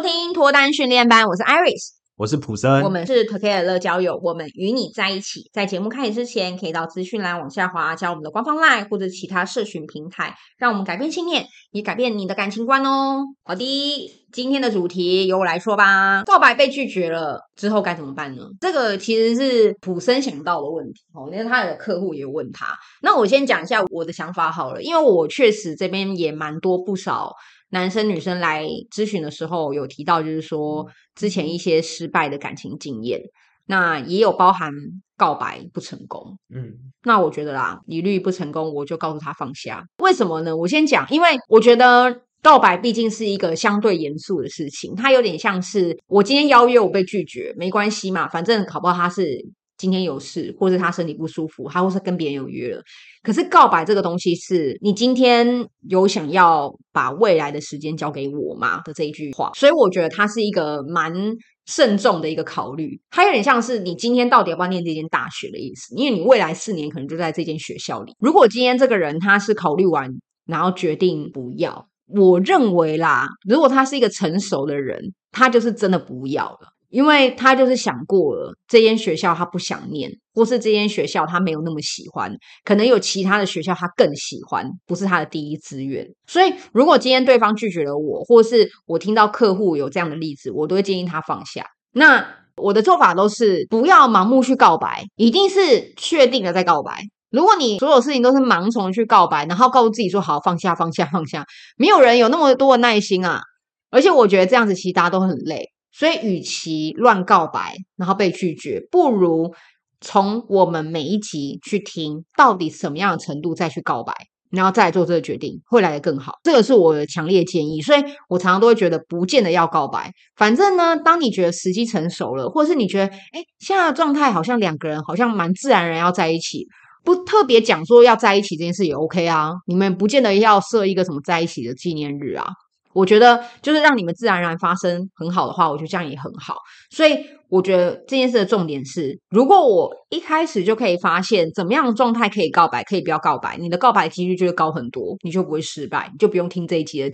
收聽脫單訓練班，我是 Iris，我是普森，我們是 Together 樂交友，我們與你在一起。在節目開始之前，可以到資訊欄往下滑，加我們的官方 LINE 或者其他社群平台，讓我們改變信念，也改變你的感情觀哦。好的，今天的主題由我來說吧。告白被拒絕了之後該怎麼辦呢？這個其實是普森想到的問題哦，因為他的客戶也有問他。那我先講一下我的想法好了，因為我確實這邊也蠻多不少。男生女生來諮詢的時候，有提到就是說之前一些失敗的感情經驗，那也有包含告白不成功。嗯，那我覺得啦，一律不成功，我就告訴他放下。為什麼呢？我先講，因為我覺得告白畢竟是一個相對嚴肅的事情，它有點像是我今天邀約我被拒絕，沒關係嘛，反正搞不好他是。今天有事，或是他身體不舒服，他或是跟別人有約了。可是告白這個東西是，是你今天有想要把未來的時間交給我嗎？的這一句話。所以我覺得他是一個蠻慎重的一個考慮，他有點像是你今天到底要不要念這間大學的意思，因為你未來四年可能就在這間學校裡。如果今天這個人他是考慮完，然後決定不要，我認為啦，如果他是一個成熟的人，他就是真的不要了。因為他就是想過了，這間學校他不想念，或是這間學校他沒有那麼喜歡，可能有其他的學校他更喜歡，不是他的第一志願。所以，如果今天對方拒絕了我，或是我聽到客戶有這樣的例子，我都會建議他放下。那我的做法都是不要盲目去告白，一定是確定了再告白。如果你所有事情都是盲從去告白，然後告訴自己說好放下放下放下，沒有人有那麼多的耐心啊！而且我覺得這樣子其實大家都很累。所以，與其亂告白然後被拒絕，不如從我們每一集去聽，到底什麼樣的程度再去告白，然後再做這個決定，會來得更好。這個是我的強烈建議。所以，我常常都會覺得，不見得要告白。反正呢，當你覺得時機成熟了，或者是你覺得，誒，現在的狀態好像兩個人好像蠻自然，人要在一起，不特別講說要在一起這件事也 OK 啊。你們不見得要設一個什麼在一起的紀念日啊。我覺得就是讓你們自然而然發生很好的話，我覺得這樣也很好。所以我覺得這件事的重點是，如果我一開始就可以發現怎麼樣的狀態可以告白，可以不要告白，你的告白機率就會高很多，你就不會失敗，你就不用聽這一集的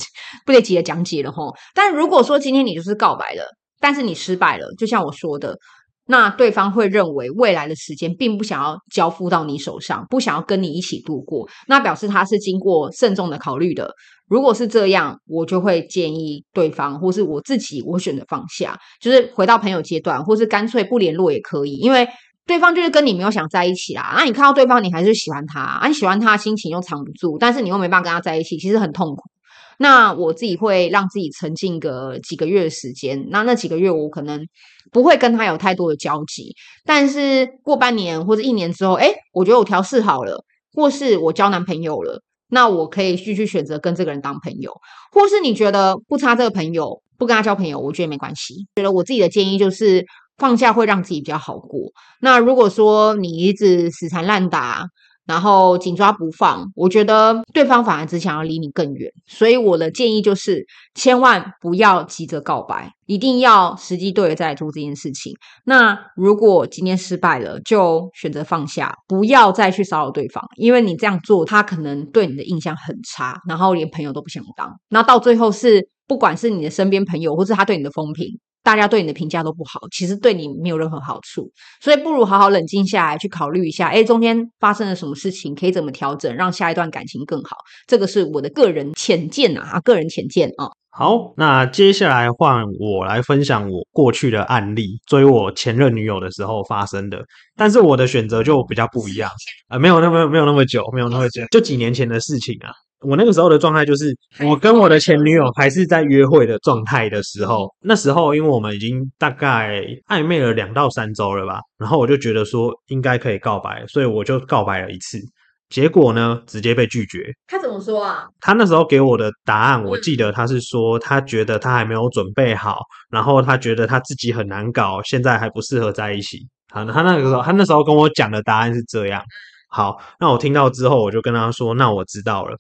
這一集的講解了吼。但如果說今天你就是告白了，但是你失敗了，就像我說的，那對方會認為未來的時間並不想要交付到你手上，不想要跟你一起度過，那表示他是經過慎重的考慮的。如果是這樣，我就會建議對方，或是我自己，我選擇放下，就是回到朋友階段，或是乾脆不聯絡也可以。因為對方就是跟你沒有想在一起啦。那、啊、你看到對方，你還是喜歡他啊？你喜歡他的心情又藏不住，但是你又沒辦法跟他在一起，其實很痛苦。那我自己會讓自己沉浸個幾個月的時間。那那幾個月我可能不會跟他有太多的交集，但是過半年或者一年之後，哎、欸，我覺得我調適好了，或是我交男朋友了。那我可以繼續選擇跟這個人當朋友，或是你覺得不差這個朋友，不跟他交朋友，我覺得沒關係。覺得我自己的建議就是放下，會讓自己比較好過。那如果說你一直死纏爛打。然後緊抓不放，我覺得對方反而只想要離你更遠。所以我的建議就是，千萬不要急着告白，一定要時機對了再做這件事情。那如果今天失敗了，就選擇放下，不要再去騷擾對方，因為你這樣做，他可能對你的印象很差，然後連朋友都不想當。那到最後是，不管是你的身邊朋友，或是他對你的風評。大家對你的評價都不好，其實對你沒有任何好處，所以不如好好冷靜下來，去考慮一下，哎，中間發生了什麼事情，可以怎麼調整，讓下一段感情更好。這個是我的個人淺見啊，個人淺見啊。好，那接下來換我來分享我過去的案例，追我前任女友的時候發生的，但是我的選擇就比較不一樣啊，呃，沒有那麼沒有那麼久，沒有那麼久，就幾年前的事情啊。我那個時候的狀態就是，我跟我的前女友還是在約會的狀態的時候，那時候因為我們已經大概曖昧了兩到三周了吧，然後我就覺得說應該可以告白，所以我就告白了一次，結果呢，直接被拒絕。他怎麼說啊？他那時候給我的答案，我記得他是說，他覺得他還沒有準備好，然後他覺得他自己很難搞，現在還不適合在一起。好，他那個時候，他那時候跟我講的答案是這樣。好，那我聽到之後，我就跟他說，那我知道了。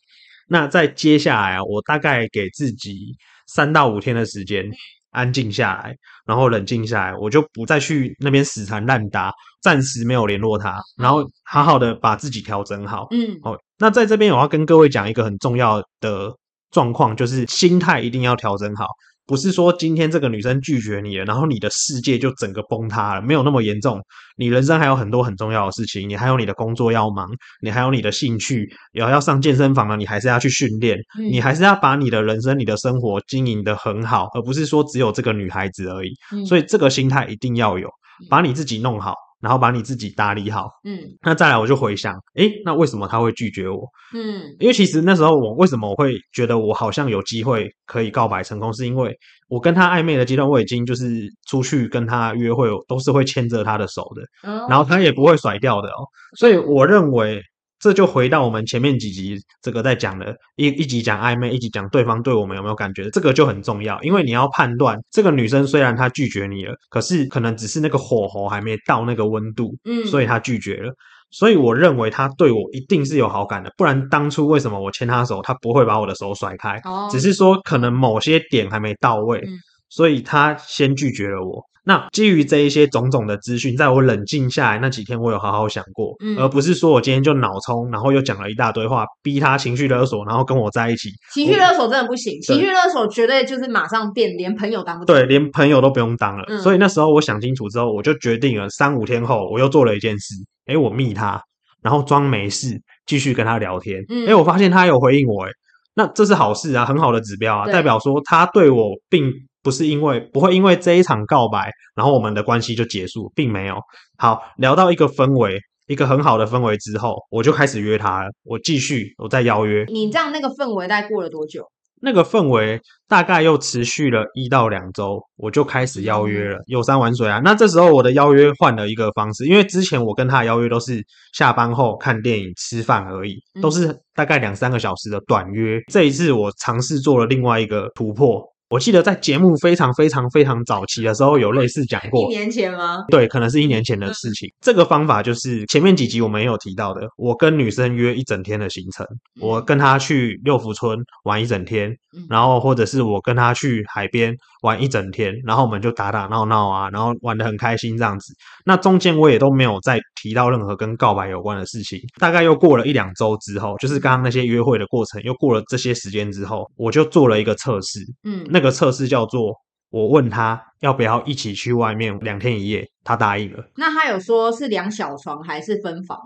那在接下來啊，我大概給自己三到五天的時間，安靜下來，然後冷靜下來，我就不再去那邊死纏爛打，暫時沒有聯絡他，然後好好的把自己調整好。嗯，好，哦。那在這邊，我要跟各位講一個很重要的狀況，就是心態一定要調整好。不是說今天這個女生拒絕你了，然後你的世界就整個崩塌了，沒有那麼嚴重。你人生還有很多很重要的事情，你還有你的工作要忙，你還有你的興趣，要要上健身房了，你還是要去訓練，嗯、你還是要把你的人生、你的生活經營得很好，而不是說只有這個女孩子而已。嗯、所以這個心態一定要有，把你自己弄好。然後把你自己打理好，嗯，那再來我就回想，哎，那為什麼他會拒絕我？嗯，因為其實那時候我為什麼我會覺得我好像有機會可以告白成功，是因為我跟他曖昧的階段，我已經就是出去跟他約會，都是會牽着他的手的，嗯、然後他也不會甩掉的哦，所以我認為。這就回到我們前面幾集這個在講的一一集講曖昧，一集講對方對我們有沒有感覺，這個就很重要，因為你要判斷這個女生雖然她拒絕你了，可是可能只是那個火候還沒到那個溫度，嗯，所以她拒絕了。所以我認為她對我一定是有好感的，不然當初為什麼我牽她手，她不會把我的手甩開？只是說可能某些點還沒到位，嗯，所以她先拒絕了我。那基於這一些種種的資訊，在我冷靜下來那幾天，我有好好想過，嗯、而不是說我今天就腦衝，然後又講了一大堆話，逼他情緒勒索，然後跟我在一起。情緒勒索真的不行，我對情緒勒索絕對就是馬上變連朋友當不。對，連朋友都不用當了。嗯、所以那時候我想清楚之後，我就決定了三五天後，我又做了一件事。誒、欸，我密他，然後裝沒事，繼續跟他聊天。誒、嗯、欸，我發現他有回應我、欸，誒，那這是好事啊，很好的指標啊，對代表說他對我並。不是，因為不會因為這一場告白，然後我們的關係就結束，並沒有。好，聊到一個氛圍，一個很好的氛圍之後，我就開始約他了，我繼續，我再邀約。你這樣那個氛圍大概過了多久？那個氛圍大概又持續了一到兩周，我就開始邀約了，遊山玩水啊。那這時候我的邀約換了一個方式，因為之前我跟他的邀約都是下班後看電影、吃飯而已，都是大概兩三個小時的短約。嗯。這一次我嘗試做了另外一個突破。我記得在節目非常非常非常早期的時候，有類似講過。一年前嗎？對，可能是一年前的事情。嗯。這個方法就是前面幾集我們也有提到的，我跟女生約一整天的行程，我跟她去六福村玩一整天，然後或者是我跟她去海邊。玩一整天，然後我們就打打鬧鬧啊，然後玩得很開心這樣子。那中間我也都沒有再提到任何跟告白有關的事情。大概又過了一兩周之後，就是剛剛那些約會的過程，又過了這些時間之後，我就做了一個測試。嗯，那個測試叫做我問他要不要一起去外面兩天一夜，他答應了。那他有說是兩小床還是分房？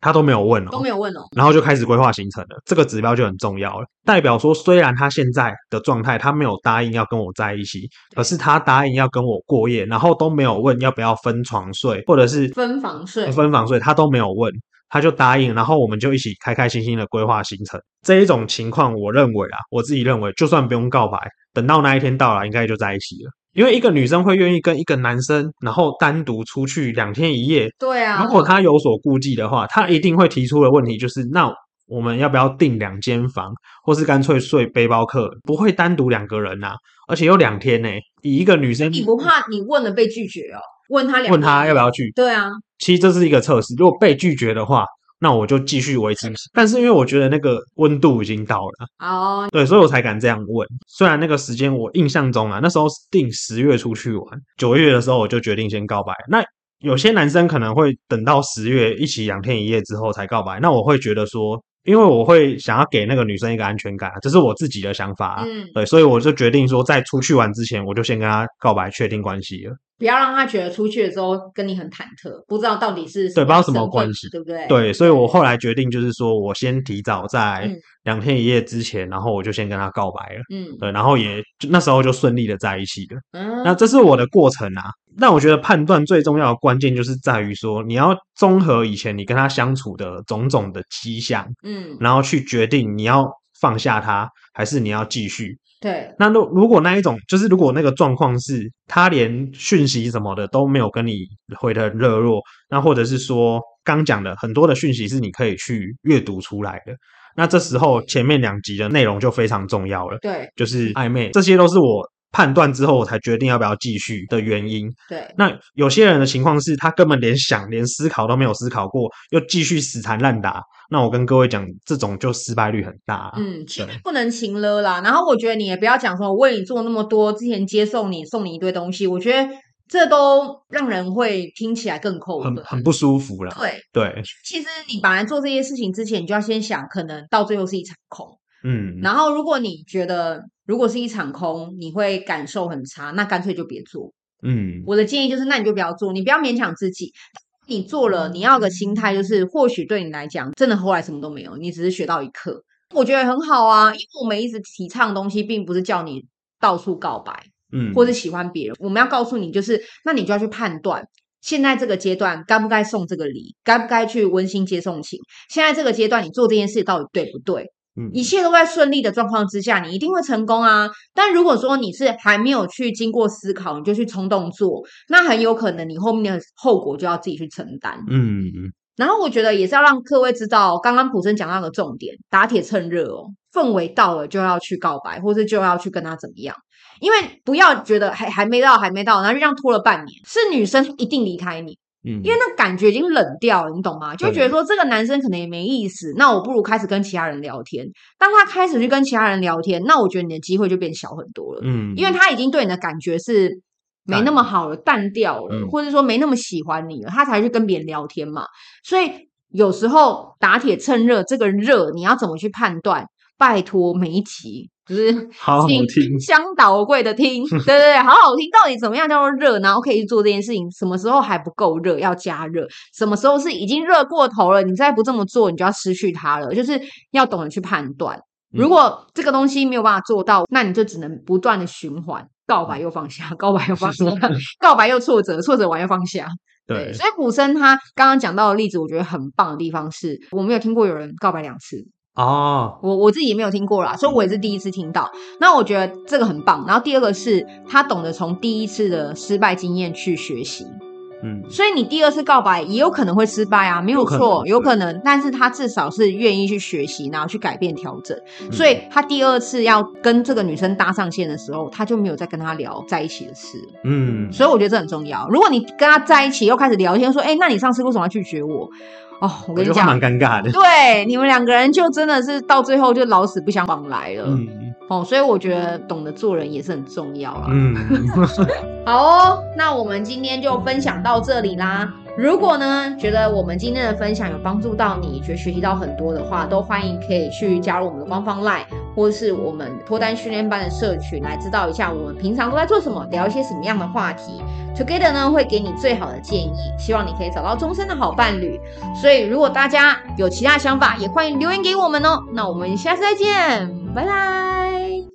他都沒有問哦，都沒有問哦，然後就開始規劃行程了。這個指標就很重要了，代表說雖然他現在的狀態，他沒有答應要跟我在一起，可對是他答應要跟我過夜，然後都沒有問要不要分床睡或者是分房睡，嗯，分房睡他都沒有問，他就答應，然後我們就一起開開心心的規劃行程。這一種情況，我認為啊，我自己認為，就算不用告白，等到那一天到來應該就在一起了。因為一個女生會願意跟一個男生，然後單獨出去兩天一夜。對啊，如果他有所顧忌的話，他一定會提出的問題就是：那我們要不要訂兩間房，或是乾脆睡背包客？不會單獨兩個人啊，而且有兩天欸。以一個女生，你不怕你問了被拒絕哦？問他兩，問他要不要去？對啊，其實這是一個測試。如果被拒絕的話。那我就繼續維持，但是因為我覺得那個溫度已經到了哦，對，所以我才敢這樣問。雖然那個時間我印象中啊，那時候定十月出去玩，九月的時候我就決定先告白。那有些男生可能會等到十月一起兩天一夜之後才告白，那我會覺得說，因為我會想要給那個女生一個安全感，這是我自己的想法嗯，啊，對，所以我就決定說，在出去玩之前，我就先跟她告白，確定關係了。不要讓他覺得出去的時候跟你很忐忑，不知道到底是什麼對，不知道什麼關係，對不對？對，所以我後來決定就是說，我先提早在兩天一夜之前，嗯，然後我就先跟他告白了，嗯，對，然後也就那時候就順利的在一起了。嗯，那這是我的過程啊。但我覺得判斷最重要的關鍵就是在於說，你要綜合以前你跟他相處的種種的跡象，嗯，然後去決定你要放下他還是你要繼續。對，那如如果，那一種就是如果那個狀況是他連訊息什麼的都沒有跟你回得很熱絡，那或者是說剛講的很多的訊息是你可以去閱讀出來的，那這時候前面兩集的內容就非常重要了。對，就是曖昧，這些都是我。判斷之後，我才決定要不要繼續的原因。對，那有些人的情況是他根本連想、連思考都沒有思考過，又繼續死纏爛打。那我跟各位講，這種就失敗率很大啊。嗯，對其實不能行了啦。然後我覺得你也不要講說，我為你做那麼多，之前接送你送你一堆東西，我覺得這都讓人會聽起來更扣，很很不舒服了。對對，對其實你本來做這些事情之前，你就要先想，可能到最後是一場空。嗯，然後如果你覺得如果是一場空，你會感受很差，那乾脆就別做。嗯，我的建議就是，那你就不要做，你不要勉強自己。你做了，你要個心態就是，或許對你來講，真的後來什麼都沒有，你只是學到一課，我覺得很好啊。因為我們一直提倡的東西，並不是叫你到處告白，嗯，或是喜歡別人。我們要告訴你，就是，那你就要去判斷，現在這個階段，該不該送這個禮，該不該去溫馨接送情。現在這個階段，你做這件事到底對不對？一切都在順利的狀況之下，你一定會成功啊！但如果說你是還沒有去經過思考，你就去衝動做，那很有可能你後面的後果就要自己去承擔。嗯，嗯嗯。然後我覺得也是要讓各位知道，剛剛普森講到的重點，打鐵趁熱哦，氛圍到了就要去告白，或是就要去跟他怎麼樣。因為不要覺得還還沒到，還沒到，然後就這樣拖了半年，是女生一定離開你。因為那感覺已經冷掉了，你懂嗎？就覺得說，這個男生可能也沒意思，對那我不如開始跟其他人聊天。當他開始去跟其他人聊天，那我覺得你的機會就變小很多了。嗯，因為他已經對你的感覺是沒那麼好了，但淡掉了，嗯、或者說沒那麼喜歡你了，他才去跟別人聊天嘛。所以有時候打鐵趁熱，這個熱你要怎麼去判斷？拜托沒急。就是 好好聽， 香倒貴的聽，對對對，好好聽。到底怎麼樣叫做熱？然後可以去做這件事情。什麼時候還不夠熱，要加熱？什麼時候是已經熱過頭了？你再不這麼做，你就要失去它了。就是要懂得去判斷。嗯、如果這個東西沒有辦法做到，那你就只能不斷的循環：告白又放下，告白又放下， 告白又挫折，挫折完又放下。對。對所以，普森他剛剛講到的例子，我覺得很棒的地方是，我沒有聽過有人告白兩次。哦，oh. 我我自己也沒有聽過啦。所以我也是第一次聽到。那我覺得這個很棒。然後第二個是他懂得從第一次的失敗經驗去學習，嗯，mm. 所以你第二次告白也有可能會失敗啊，沒有錯，有可,有可能。但是他至少是願意去學習，然後去改變、調整。Mm. 所以他第二次要跟這個女生搭上線的時候，他就沒有再跟他聊在一起的事，嗯。Mm. 所以我覺得這很重要。如果你跟他在一起又開始聊天，說，哎、欸，那你上次為什麼要拒絕我？哦，我跟你講，蠻尷尬的。對，你們兩個人就真的是到最後就老死不相往來了。嗯哦，所以我覺得懂得做人也是很重要啦。嗯。 好哦，那我們今天就分享到這裡啦。如果呢，覺得我們今天的分享有幫助到你，覺得學習到很多的話，都歡迎可以去加入我們的官方 Line。或是我們脫單訓練班的社群來知道一下，我們平常都在做什麼，聊一些什麼樣的話題，Together 呢會給你最好的建議，希望你可以找到終身的好伴侶。所以如果大家有其他想法，也歡迎留言給我們哦。那我們下次再見，拜拜。